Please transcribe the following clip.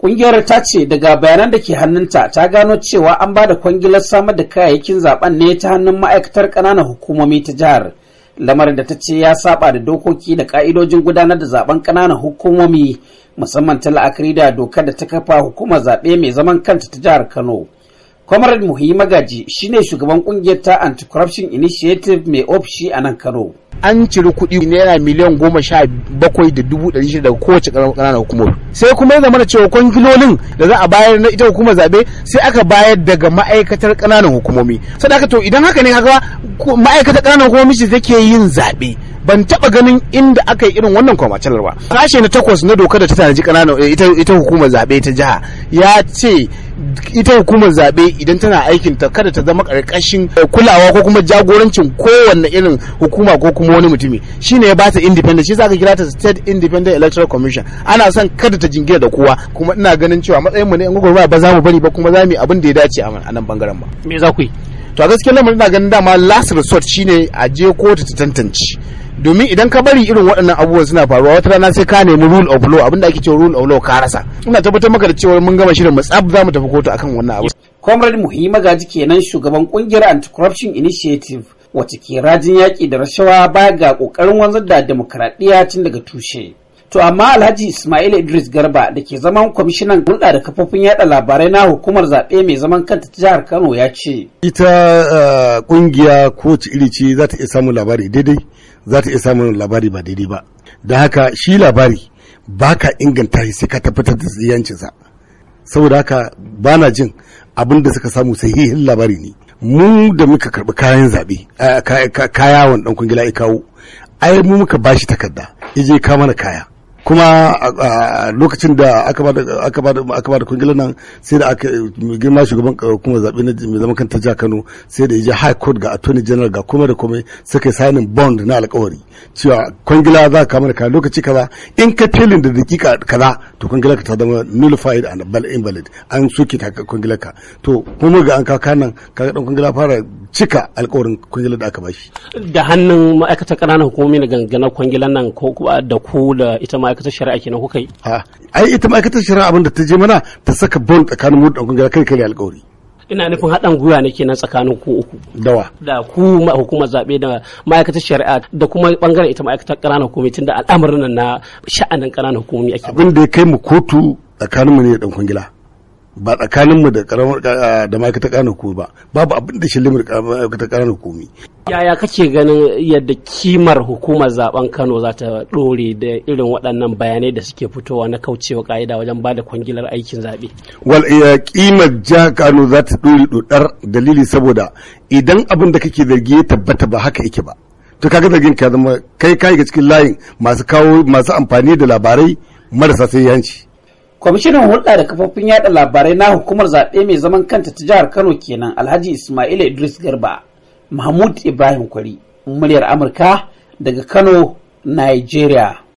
Ƙungiyar ta ce daga bayanan da ke hannunta ta gano cewa an ba da kwangilar samar da kayayyakin zaben ne ta hannun ma'aikatar ƙananan hukumomi ta jihar. Lamarin da ta ce ya saba da dokoki da ƙa'idojin gudanar da zaben ƙananan hukumomi musamman ta la'akari da dokar da ta kafa hukumar zaɓe mai zaman kanta ta jihar Kano. comrade Gaji shi ne shugaban kungiyar ta anti-corruption initiative mai ofishi a nan kano an ciri kuɗi naira miliyan goma sha bakwai da dubu ɗari shida daga kowace ƙananan hukumar sai kuma ya mana cewa kwangilolin da za a bayar na ita hukumar zaɓe sai aka bayar daga ma'aikatar ƙananan hukumomi sadaka to idan haka ne haka ma'aikatar ƙananan hukumomi ce take yin zaɓe ban taba ganin inda aka yi irin wannan kwamace ba sashe na takwas na doka da ta tanaji kananan eh, ita hukumar zaɓe ta jiha ya ce ita hukumar zaɓe idan tana aikin ta kada ta zama ƙarƙashin eh, kulawa ko kuma jagorancin kowanne irin hukuma ko kuma wani mutumi shine ya ba ta independent shi zaka kira ta state independent electoral commission ana son kada ta jingina da kowa kuma ina ganin cewa matsayin mu ne in gwagwarmaya ba za mu bari ba kuma za mu yi abin da ya dace a nan bangaren ba me za ku yi to a gaskiyar lamarin ina ganin dama last resort shine a je kotu ta tantance domin idan ka bari irin waɗannan abubuwan suna faruwa wata rana sai ka nemi rule of law abinda ake cewa rule of law ka rasa ina tabbatar maka da cewa mun gama shirin mu tsab za mu tafi kotu akan wannan abu comrade muhimma gaji kenan shugaban kungiyar anti-corruption initiative wacce ke rajin yaƙi da rashawa baya ga ƙoƙarin wanzar da demokradiyya tun daga tushe To amma Alhaji Ismail Idris Garba da ke zaman kwamishinan hulɗa da kafofin yada labarai na hukumar zaɓe mai zaman kanta ta jihar Kano ya ce. Ita eh, ƙungiya ko iri ce za ta iya samun labari daidai za ta iya samun labari ba daidai ba. Da haka shi labari ba ka inganta shi sai ka tabbatar da yancinsa. Saboda haka ba na jin abin da suka samu sahihin labari ne. Mu da muka karɓi kayan zaɓe, eh, kayawan ɗan kungila ya kawo, ai mu muka bashi takarda, Ije je ka mana kaya. kuma lokacin da aka ba da kungilar nan sai da aka girma shugaban eh, kuma zabe na mai zaman kanta jihar kano sai da ya je high court ga attorney general ga komai da komai suka yi signing bond na alkawari cewa kwangila za ka kama da kayan lokaci kaza in ka telin da dakika kaza to kwangilar ka ta zama nullified and invalid an soke ta kwangilar ka to kuma ga an kaka nan kaga dan kwangila fara cika alkawarin kwangilar da aka bashi da hannun ma'aikatan kananan hukumomi na gangana kwangilar nan ko da ku da ita ma'aikatan ma'aikatar shari'a kenan kuka yi a ai ita ma'aikatar shari'a abin da ta je mana ta saka bond tsakanin mu da kungiyar kai kai alƙawari ina nufin haɗin gwiwa ne kenan tsakanin ku uku dawa da ku hukumar zaɓe da ma'aikatar shari'a da kuma ɓangaren ita ma'aikatar ƙananan hukumomi tun da al'amarin na sha'anin ƙananan hukumomi ake abin da ya kai mu kotu tsakanin mu ne da ɗan kungiyar. ba tsakaninmu da karamar da ma ta kana ko ba babu abin da shilimar ta kana komi yaya kake ganin yadda kimar hukumar zaben Kano za ta dore da irin waɗannan bayanai da suke fitowa na kaucewa ka'ida wajen ba da kwangilar aikin zaɓe wal iya kimar ja Kano za ta dore dodar dalili saboda idan abin da kake zargi ya tabbata ba haka yake ba to kaga zargin ka zama kai kai ga cikin layin masu kawo masu amfani da labarai marasa sai yanci kwamishinan hulɗa da kafofin yada labarai na hukumar zaɓe mai zaman kanta ta jihar kano kenan alhaji Isma'il idris garba mahmud ibrahim kwari muryar amurka daga kano nigeria